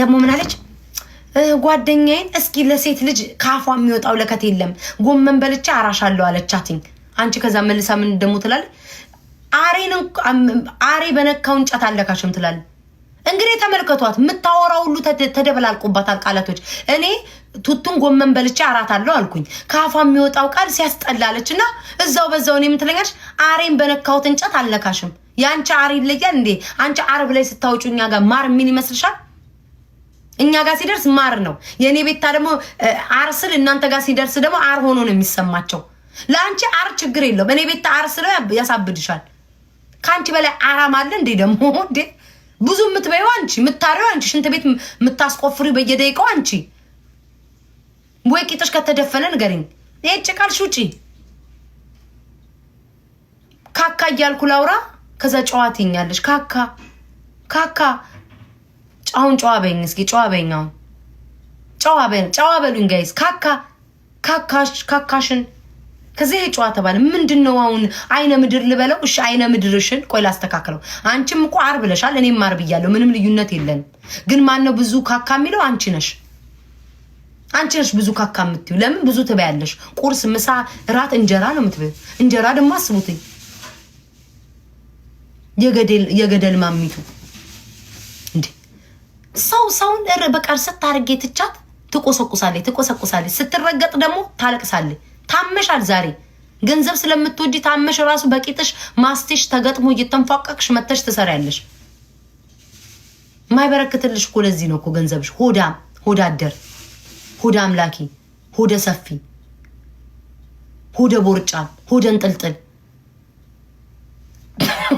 ደግሞ ምናለች ጓደኛዬን እስኪ ለሴት ልጅ ካፏ የሚወጣው ለከት የለም ጎመን በልቻ አራሻለሁ አለቻትኝ። አንቺ ከዛ መልሳ ምን ደግሞ ትላል አሬ በነካው እንጨት አለካሽም ትላል። እንግዲህ ተመልከቷት፣ የምታወራ ሁሉ ተደበላልቁባታል ቃላቶች። እኔ ቱቱን ጎመን በልቻ አራት አለው አልኩኝ። ከአፏ የሚወጣው ቃል ሲያስጠላለች እና እዛው በዛው እኔ የምትለኛች አሬን በነካሁት እንጨት አለካሽም። የአንቺ አሬ ይለያል እንዴ? አንቺ አረብ ላይ ስታወጩ እኛ ጋር ማር ምን ይመስልሻል? እኛ ጋር ሲደርስ ማር ነው። የእኔ ቤታ ደግሞ አር ስል እናንተ ጋር ሲደርስ ደግሞ አር ሆኖ ነው የሚሰማቸው። ለአንቺ አር ችግር የለውም። እኔ ቤታ አር ስለው ያሳብድሻል። ከአንቺ በላይ አራም አለ እንዴ? ደግሞ እንዴ ብዙ የምትበይው አንቺ፣ የምታሪው አንቺ፣ ሽንት ቤት የምታስቆፍሪ በየደቂቃው አንቺ። ወይ ቂጥሽ ከተደፈነ ንገሪኝ። ይሄ ጭቃልሽ ውጪ ካካ እያልኩ ላውራ። ከዛ ጨዋት ይኛለሽ ካካ ካካ አሁን ጨዋ በይኝ እስኪ ጨዋ በይኝ። አሁን ጨዋ በ ጨዋ በሉኝ ጋይስ። ካካ ካካሽ ካካሽን ከዚህ ጨዋ ተባለ። ምንድን ነው አሁን አይነ ምድር ልበለው? እሺ አይነ ምድርሽን ቆይ ላስተካክለው። አንቺም እኮ አር ብለሻል፣ እኔም አር ብያለሁ። ምንም ልዩነት የለን። ግን ማን ነው ብዙ ካካ የሚለው? አንቺ ነሽ አንቺ ነሽ ብዙ ካካ የምትዩ። ለምን ብዙ ትበያለሽ? ቁርስ፣ ምሳ፣ እራት እንጀራ ነው የምትበይው። እንጀራ ደግሞ አስቡትኝ የገደል የገደል ማሚቱ ሰው ሰውን ር በቃ ስታርጌ ትቻት ትቆሰቁሳለች ትቆሰቁሳለች። ስትረገጥ ደግሞ ታለቅሳለች። ታመሻል። ዛሬ ገንዘብ ስለምትወጂ ታመሽ ራሱ በቂጥሽ ማስቲሽ ተገጥሞ እየተንፏቀቅሽ መተሽ ትሰሪያለሽ። የማይበረክትልሽ እኮ ለዚህ ነው እኮ ገንዘብሽ። ሆዳም ሆዳ አደር ሆዳ አምላኪ ሆደ ሰፊ ሆደ ቦርጫ፣ ሆደ እንጥልጥል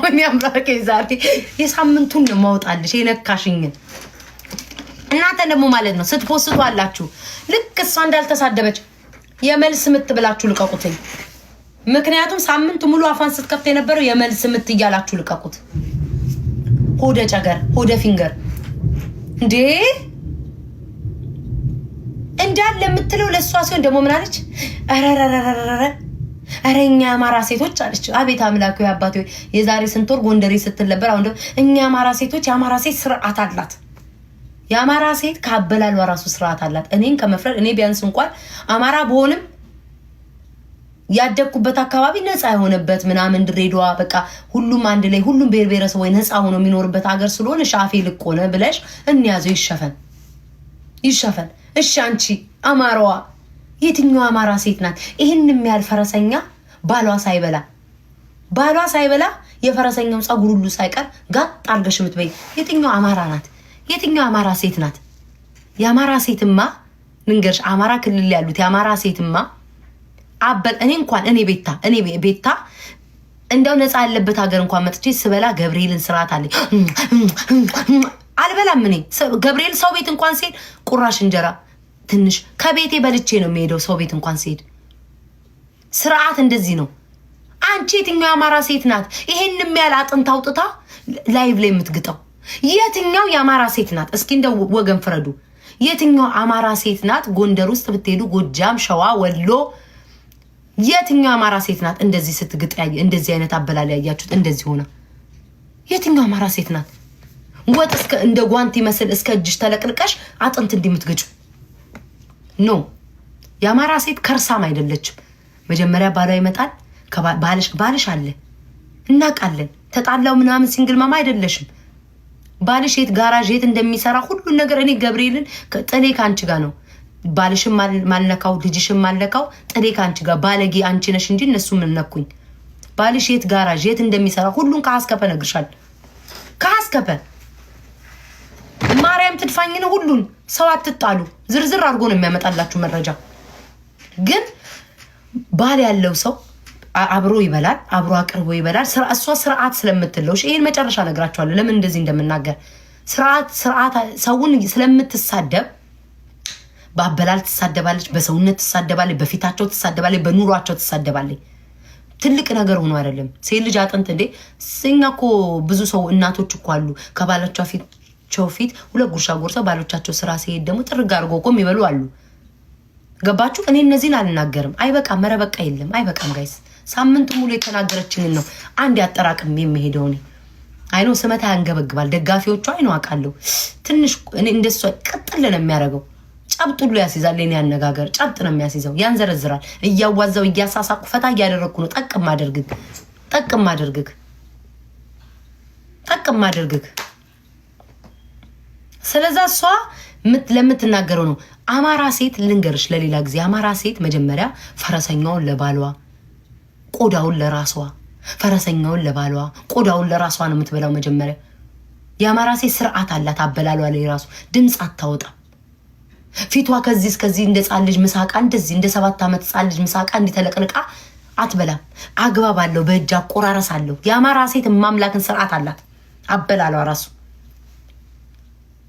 ወይኔ አምላኬ ዛሬ የሳምንቱን ነው ማውጣልሽ የነካሽኝን እናንተ ደግሞ ማለት ነው ስትፖስቱ አላችሁ ልክ እሷ እንዳልተሳደበች የመልስ ምት ብላችሁ ልቀቁትኝ። ምክንያቱም ሳምንት ሙሉ አፋን ስትከፍት የነበረው የመልስ ምት እያላችሁ ልቀቁት። ሆደ ጨገር፣ ሆደ ፊንገር እንዴ እንዳለ የምትለው ለእሷ ሲሆን ደግሞ ምን አለች? ረረረረረረ ኧረ እኛ አማራ ሴቶች አለች። አቤት አምላክ አባት የዛሬ ስንት ወር ጎንደሬ ስትል ነበር። አሁን ደግሞ እኛ አማራ ሴቶች የአማራ ሴት ስርዓት አላት። የአማራ ሴት ከአበላሏ ራሱ ስርዓት አላት። እኔን ከመፍረድ እኔ ቢያንስ እንኳን አማራ በሆንም ያደግኩበት አካባቢ ነፃ የሆነበት ምናምን ድሬዳዋ በቃ ሁሉም አንድ ላይ ሁሉም ብሔር ብሔረሰብ ወይ ነፃ ሆኖ የሚኖርበት ሀገር ስለሆነ ሻፌ ልቅ ሆነ ብለሽ እንያዘው። ይሸፈን ይሸፈን። እሺ አንቺ አማራዋ የትኛው አማራ ሴት ናት ይህን የሚያህል ፈረሰኛ ባሏ ሳይበላ ባሏ ሳይበላ የፈረሰኛው ፀጉር ሁሉ ሳይቀር ጋጥ አድርገሽ የምትበይ የትኛው አማራ ናት? የትኛው አማራ ሴት ናት? የአማራ ሴትማ ንገርሽ፣ አማራ ክልል ያሉት የአማራ ሴትማ አበል እኔ እንኳን እኔ ቤታ እኔ ቤታ እንደው ነፃ ያለበት ሀገር እንኳን መጥቼ ስበላ ገብርኤልን ስርዓት አለ አልበላም። እኔ ገብርኤል ሰው ቤት እንኳን ሲሄድ ቁራሽ እንጀራ ትንሽ ከቤቴ በልቼ ነው የሚሄደው። ሰው ቤት እንኳን ሴድ ስርዓት እንደዚህ ነው። አንቺ የትኛው የአማራ ሴት ናት ይሄን የሚያል አጥንት አውጥታ ላይቭ ላይ የምትግጠው? የትኛው የአማራ ሴት ናት? እስኪ እንደ ወገን ፍረዱ። የትኛው አማራ ሴት ናት? ጎንደር ውስጥ ብትሄዱ፣ ጎጃም፣ ሸዋ፣ ወሎ የትኛው አማራ ሴት ናት እንደዚህ ስትግጥ እንደዚህ አይነት አበላል ያያችሁት እንደዚህ ሆና የትኛው አማራ ሴት ናት ወጥ እስከ እንደ ጓንት ይመስል እስከ እጅሽ ተለቅልቀሽ አጥንት እንዲምትገጩ ኖ የአማራ ሴት ከርሳም አይደለችም መጀመሪያ ባሏ ይመጣል ባልሽ አለ እናውቃለን ተጣላው ምናምን ሲንግል ማማ አይደለሽም ባልሽ የት ጋራዥ የት እንደሚሰራ ሁሉን ነገር እኔ ገብርኤልን ጥሌ ከአንቺ ጋር ነው። ባልሽም ማልነካው ልጅሽም ማልነካው ጥሌ ከአንቺ ጋር ባለጌ አንቺ ነሽ እንጂ እነሱ ምንነኩኝ። ባልሽ የት ጋራዥ የት እንደሚሰራ ሁሉን ከሀስከፈ ነግርሻል። ከሀስከፈ ማርያም ትድፋኝ ነው። ሁሉን ሰው አትጣሉ። ዝርዝር አድርጎ ነው የሚያመጣላችሁ መረጃ ግን ባል ያለው ሰው አብሮ ይበላል፣ አብሮ አቅርቦ ይበላል። እሷ ስርዓት ስለምትለው ይህን መጨረሻ ነግራቸዋለሁ፣ ለምን እንደዚህ እንደምናገር ስርዓት ስርዓት ሰውን ስለምትሳደብ በአበላል ትሳደባለች፣ በሰውነት ትሳደባለች፣ በፊታቸው ትሳደባለች፣ በኑሯቸው ትሳደባለች። ትልቅ ነገር ሆኖ አይደለም። ሴት ልጅ አጥንት እንዴ! እኛ እኮ ብዙ ሰው እናቶች እኮ አሉ ፊቸው ፊት ሁለት ጉርሻ ጎርሰው ባሎቻቸው ስራ ሲሄድ ደግሞ ጥርግ አድርጎ እኮ የሚበሉ አሉ። ገባችሁ? እኔ እነዚህን አልናገርም። አይበቃም፣ መረበቃ በቃ የለም አይበቃም ጋይስ ሳምንት ሙሉ የተናገረችንን ነው። አንድ ያጠራቅም የሚሄደው እኔ አይኖ ስመታ ያንገበግባል። ደጋፊዎቿ አይኖ አውቃለሁ። ትንሽ እንደሷ ቀጥል ነው የሚያደርገው። ጨብጥ ሁሉ ያስይዛል። ኔ ያነጋገር ጨብጥ ነው የሚያስይዘው። ያንዘረዝራል። እያዋዛው እያሳሳቁ ፈታ እያደረግኩ ነው። ጠቅም አደርግግ ጠቅም አደርግግ ጠቅም አደርግግ። ስለዛ እሷ ለምትናገረው ነው። አማራ ሴት ልንገርሽ ለሌላ ጊዜ። አማራ ሴት መጀመሪያ ፈረሰኛውን ለባሏ ቆዳውን ለራሷ ፈረሰኛውን ለባሏ ቆዳውን ለራሷ ነው የምትበላው። መጀመሪያ የአማራ ሴት ስርዓት አላት። አበላሏ ላይ ራሱ ድምፅ አታወጣም። ፊቷ ከዚህ እስከዚህ እንደ ጻን ልጅ ምሳቃ እንደዚህ እንደ ሰባት ዓመት ጻን ልጅ ምሳቃ እንዲተለቅልቃ አትበላም። አግባብ አለው፣ በእጅ አቆራረስ አለው። የአማራ ሴት ማምላክን ስርዓት አላት። አበላሏ ራሱ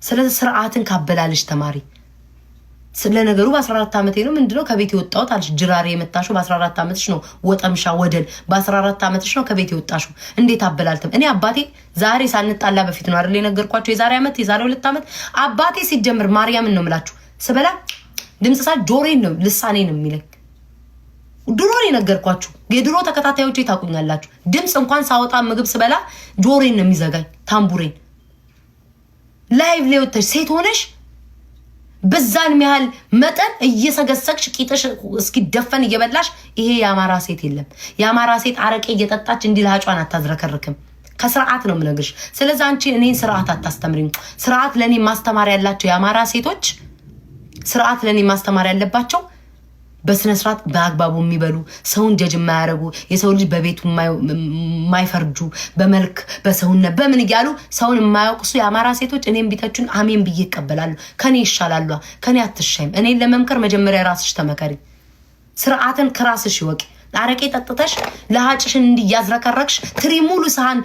ስለዚህ ስርዓትን ካበላልሽ ተማሪ ስለ ነገሩ በ14 ዓመቴ ነው ምንድነው ከቤት የወጣሁት አለች። ጅራሬ የመታሽው በ14 ዓመትሽ ነው ወጠምሻ ወደል፣ በ14 ዓመትሽ ነው ከቤት የወጣሽው። እንዴት አበላልትም። እኔ አባቴ ዛሬ ሳንጣላ በፊት ነው አይደል የነገርኳቸው። የዛሬ ዓመት የዛሬ ሁለት ዓመት አባቴ ሲጀምር ማርያምን ነው ምላችሁ ስበላ ድምፅ ሳ ጆሬን ነው ልሳኔ ነው የሚለኝ። ድሮ የነገርኳችሁ የድሮ ተከታታዮች ታቁኛላችሁ። ድምፅ እንኳን ሳወጣ ምግብ ስበላ ጆሬን ነው የሚዘጋኝ ታምቡሬን ላይቭ ላይ ወጥተሽ ሴት ሆነሽ በዛን ያህል መጠን እየሰገሰግሽ ቂጥሽ እስኪደፈን እየበላሽ ይሄ የአማራ ሴት የለም። የአማራ ሴት አረቄ እየጠጣች እንዲህ ለሀጯን አታዝረከርክም። ከስርዓት ነው የምነግርሽ። ስለዚ አንቺ እኔን ስርዓት አታስተምሪኝ። ስርዓት ለእኔ ማስተማር ያላቸው የአማራ ሴቶች ስርዓት ለእኔ ማስተማር ያለባቸው በስነ ስርዓት በአግባቡ የሚበሉ ሰውን ጀጅ የማያደርጉ የሰው ልጅ በቤቱ የማይፈርጁ በመልክ በሰውነት በምን እያሉ ሰውን የማያወቅሱ የአማራ ሴቶች እኔም ቢተቹን አሜን ብዬ ይቀበላሉ። ከኔ ይሻላሉ። ከኔ አትሻይም። እኔን ለመምከር መጀመሪያ ራስሽ ተመከሪ። ስርዓትን ከራስሽ ይወቂ። አረቄ ጠጥተሽ ለሀጭሽን እንዲያዝረከረክሽ ትሪ ሙሉ ሰሃን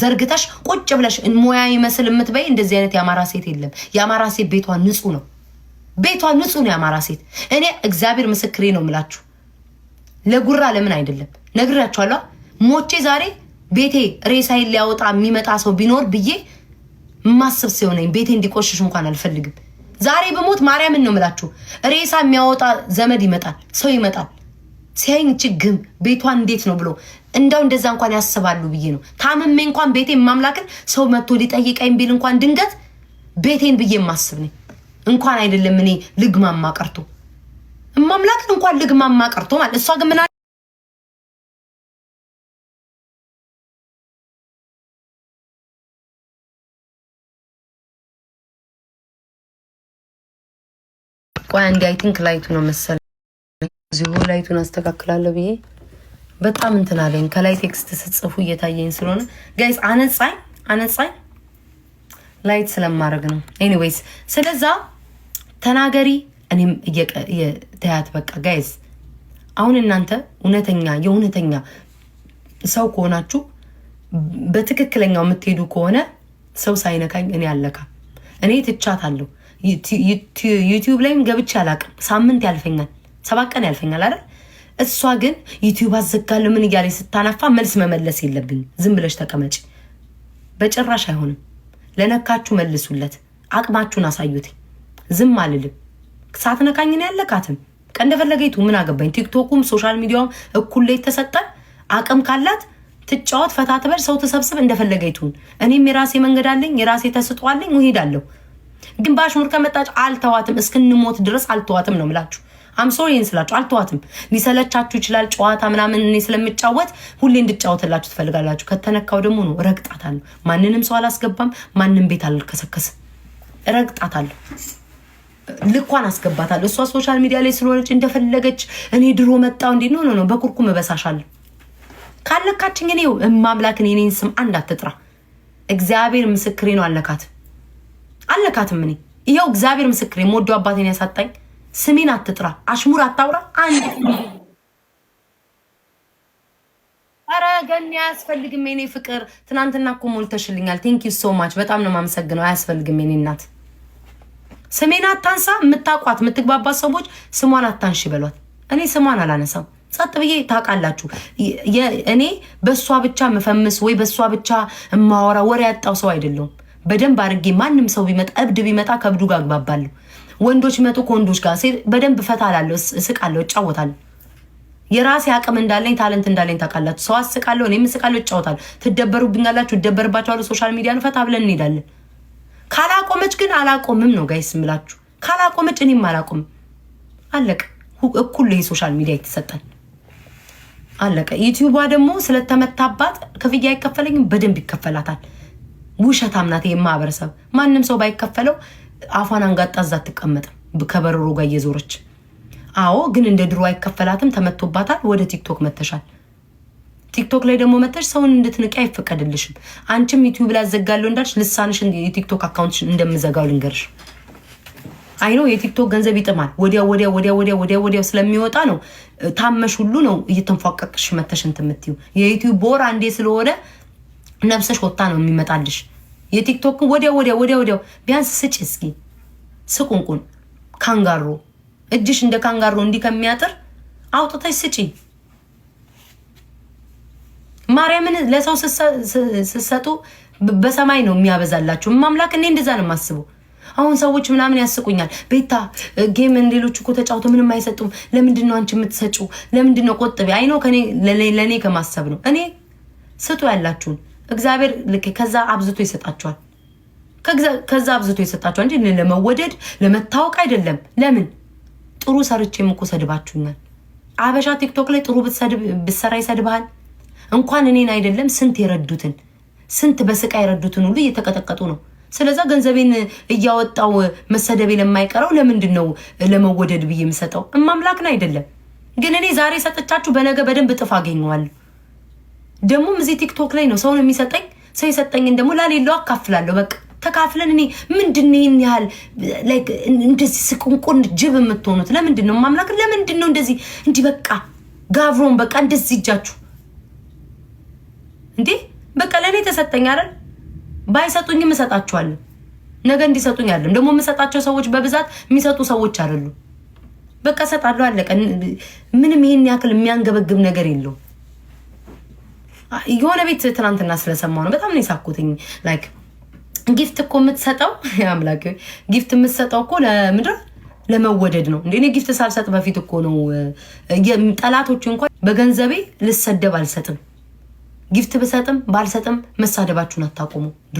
ዘርግተሽ ቁጭ ብለሽ ሙያ ይመስል የምትበይ እንደዚህ አይነት የአማራ ሴት የለም። የአማራ ሴት ቤቷ ንጹህ ነው። ቤቷ ንጹህ ነው የአማራ ሴት። እኔ እግዚአብሔር ምስክሬ ነው የምላችሁ። ለጉራ ለምን አይደለም ነግራችኋለሁ። ሞቼ ዛሬ ቤቴ ሬሳይን ሊያወጣ የሚመጣ ሰው ቢኖር ብዬ ማስብ ሲሆነኝ ቤቴ እንዲቆሽሽ እንኳን አልፈልግም። ዛሬ በሞት ማርያምን ነው የምላችሁ። ሬሳ የሚያወጣ ዘመድ ይመጣል፣ ሰው ይመጣል። ሲያይኝ ችግም ቤቷ እንዴት ነው ብሎ እንደው እንደዛ እንኳን ያስባሉ ብዬ ነው። ታምሜ እንኳን ቤቴን ማምላክን ሰው መጥቶ ሊጠይቀኝ ቢል እንኳን ድንገት ቤቴን ብዬ ማስብ ነኝ። እንኳን አይደለም እኔ ልግማማ ቀርቶ እማምላክን እንኳን ልግማማ ቀርቶ ማለት እሷ ግን ምና ቆይ አንዴ አይ ቲንክ ላይቱ ነው መሰለኝ። እዚሁ ላይቱን አስተካክላለሁ ብዬ በጣም እንትን አለኝ። ከላይ ቴክስት ስጽፉ እየታየኝ ስለሆነ ጋይስ አነጻኝ አነጻኝ ላይት ስለማድረግ ነው። ኤኒዌይስ ስለዛ ተናገሪ። እኔም የተያት በቃ ጋይዝ፣ አሁን እናንተ እውነተኛ የእውነተኛ ሰው ከሆናችሁ በትክክለኛው የምትሄዱ ከሆነ ሰው ሳይነካኝ እኔ አለካ እኔ ትቻታለሁ። ዩቲዩብ ላይም ገብቼ አላቅም። ሳምንት ያልፈኛል፣ ሰባት ቀን ያልፈኛል አይደል? እሷ ግን ዩቲዩብ አዘጋለሁ ምን እያለ ስታናፋ መልስ መመለስ የለብኝ ዝም ብለሽ ተቀመጭ። በጭራሽ አይሆንም። ለነካችሁ መልሱለት፣ አቅማችሁን አሳዩትኝ። ዝም አልልም። ሳትነካኝ ነው ያለካትም ቀን ምን አገባኝ። ቲክቶኩም ሶሻል ሚዲያውም እኩል ላይ ተሰጠ። አቅም ካላት ትጫወት፣ ፈታ ትበል፣ ሰው ተሰብስብ፣ እንደፈለገይቱን። እኔም የራሴ መንገድ አለኝ፣ የራሴ ተስጧለኝ፣ እሄዳለሁ። ግን በአሽሙር ከመጣች አልተዋትም፣ እስክንሞት ድረስ አልተዋትም ነው ምላችሁ። አምሶሪ ይህን ስላችሁ አልተዋትም። ሊሰለቻችሁ ይችላል ጨዋታ ምናምን። እኔ ስለምጫወት ሁሌ እንድጫወትላችሁ ትፈልጋላችሁ። ከተነካው ደግሞ ነው ረግጣታለሁ። ማንንም ሰው አላስገባም፣ ማንም ቤት አልከሰከስም፣ አለሁ። ልኳን አስገባታል። እሷ ሶሻል ሚዲያ ላይ ስለሆነች እንደፈለገች እኔ ድሮ መጣው እንዲ ነው ነው በኩርኩም እበሳሻለሁ ካለካችኝ እኔ እማምላክን የኔን ስም አንድ አትጥራ። እግዚአብሔር ምስክሬ ነው። አለካት አለካትም እኔ ይኸው እግዚአብሔር ምስክሬ ሞዶ አባቴን ያሳጣኝ ስሜን አትጥራ፣ አሽሙር አታውራ። አንድ ኧረ ገና አያስፈልግም የኔ ፍቅር። ትናንትና እኮ ሞልተሽልኛል። ቴንኪ ሶ ማች በጣም ነው የማመሰግነው። አያስፈልግም የኔ እናት ስሜን አታንሳ። የምታውቋት የምትግባባት ሰዎች ስሟን አታንሽ በሏት። እኔ ስሟን አላነሳም። ጸጥ ብዬ ታውቃላችሁ። እኔ በእሷ ብቻ መፈምስ ወይ በእሷ ብቻ የማወራ ወሬ ያጣው ሰው አይደለሁም። በደንብ አድርጌ ማንም ሰው ቢመጣ እብድ ቢመጣ ከእብዱ ጋር አግባባለሁ። ወንዶች መጡ ከወንዶች ጋር በደንብ ፈታ ላለሁ፣ እስቃለሁ፣ እጫወታለሁ። የራሴ አቅም እንዳለኝ ታለንት እንዳለኝ ታውቃላችሁ። ሰው አስቃለሁ፣ እኔም እስቃለሁ፣ እጫወታለሁ። ትደበሩብኛላችሁ፣ እደበርባችኋለሁ። ሶሻል ሚዲያን ፈታ ብለን እንሄዳለን። ካላቆመች ግን አላቆምም ነው ጋይስ ምላችሁ። ካላቆመች እኔም አላቆምም። አለቀ። እኩል የሶሻል ሚዲያ የተሰጠን አለቀ። ዩቲዩቧ ደግሞ ስለተመታባት ክፍያ አይከፈለኝም፣ በደንብ ይከፈላታል። ውሸታም ናት። ይህ ማንም ሰው ባይከፈለው አፏን አንጋጣ እዛ አትቀመጥም፣ ከበረሮ ጋር እየዞረች አዎ። ግን እንደ ድሮ አይከፈላትም። ተመቶባታል። ወደ ቲክቶክ መተሻል ቲክቶክ ላይ ደግሞ መተሽ ሰውን እንድትንቂ አይፈቀድልሽም። አንቺም ዩቲዩብ ላይ አዘጋለሁ እንዳልሽ ልሳንሽ የቲክቶክ አካውንት እንደምዘጋው ልንገርሽ። አይ ነው የቲክቶክ ገንዘብ ይጥማል። ወዲያ ወዲያ ወዲያ ወዲያ ወዲያ ወዲያ ስለሚወጣ ነው ታመሽ ሁሉ ነው እየተንፏቀቅሽ መተሽ እንትን የምትይው። የዩቲዩብ ቦር አንዴ ስለሆነ ነብሰሽ ወጣ ነው የሚመጣልሽ። የቲክቶክን ወዲያ ወዲያ ወዲያ ወዲያው ቢያንስ ስጭ እስኪ ስቁንቁን ካንጋሮ እጅሽ እንደ ካንጋሮ እንዲህ ከሚያጥር አውጥተሽ ስጪ። ማርያምን ለሰው ስትሰጡ በሰማይ ነው የሚያበዛላችሁ። ማምላክ እኔ እንደዛ ነው የማስበው። አሁን ሰዎች ምናምን ያስቁኛል። ቤታ ጌም ሌሎች እኮ ተጫውቶ ምንም አይሰጡም። ለምንድን ነው አንቺ የምትሰጩ? ለምንድን ነው ቆጥቤ? አይ ነው ለእኔ ከማሰብ ነው። እኔ ስጡ ያላችሁን እግዚአብሔር ልክ ከዛ አብዝቶ ይሰጣችኋል። ከዛ አብዝቶ ይሰጣችኋል እንጂ ለመወደድ ለመታወቅ አይደለም። ለምን ጥሩ ሰርቼም እኮ ሰድባችሁኛል። አበሻ ቲክቶክ ላይ ጥሩ ብትሰራ ይሰድብሃል። እንኳን እኔን አይደለም ስንት የረዱትን ስንት በስቃይ የረዱትን ሁሉ እየተቀጠቀጡ ነው። ስለዛ ገንዘቤን እያወጣው መሰደቤ ለማይቀረው ለምንድን ነው ለመወደድ ብዬ የምሰጠው? እማምላክን አይደለም ግን እኔ ዛሬ ሰጥቻችሁ በነገ በደንብ እጥፍ አገኘዋለሁ። ደግሞም እዚህ ቲክቶክ ላይ ነው ሰውን የሚሰጠኝ ሰው የሰጠኝን ደግሞ ላሌለው አካፍላለሁ። በቃ ተካፍለን እኔ ምንድን ይህን ያህል እንደዚህ ስቁንቁን ጅብ የምትሆኑት ለምንድን ነው? እማምላክን ለምንድን ነው እንደዚህ እንዲህ በቃ ጋብሮን በቃ እንደዚህ እጃችሁ እንዴ በቃ ለእኔ ተሰጠኝ አይደል? ባይሰጡኝ እሰጣቸዋለሁ። ነገ እንዲሰጡኝ አይደለም ደግሞ የምሰጣቸው ሰዎች በብዛት የሚሰጡ ሰዎች አይደሉ። በቃ እሰጣለሁ፣ አለቀ። ምንም ይሄን ያክል የሚያንገበግብ ነገር የለው የሆነ ቤት ትናንትና ስለሰማው ነው በጣም ነው የሳኩትኝ። ላይክ ጊፍት እኮ የምትሰጠው አምላክ ጊፍት የምትሰጠው እኮ ለምድር ለመወደድ ነው እንዴ? እኔ ጊፍት ሳልሰጥ በፊት እኮ ነው ጠላቶች እንኳን በገንዘቤ ልሰደብ አልሰጥም። ጊፍት ብሰጥም ባልሰጥም መሳደባችሁን አታቆሙ።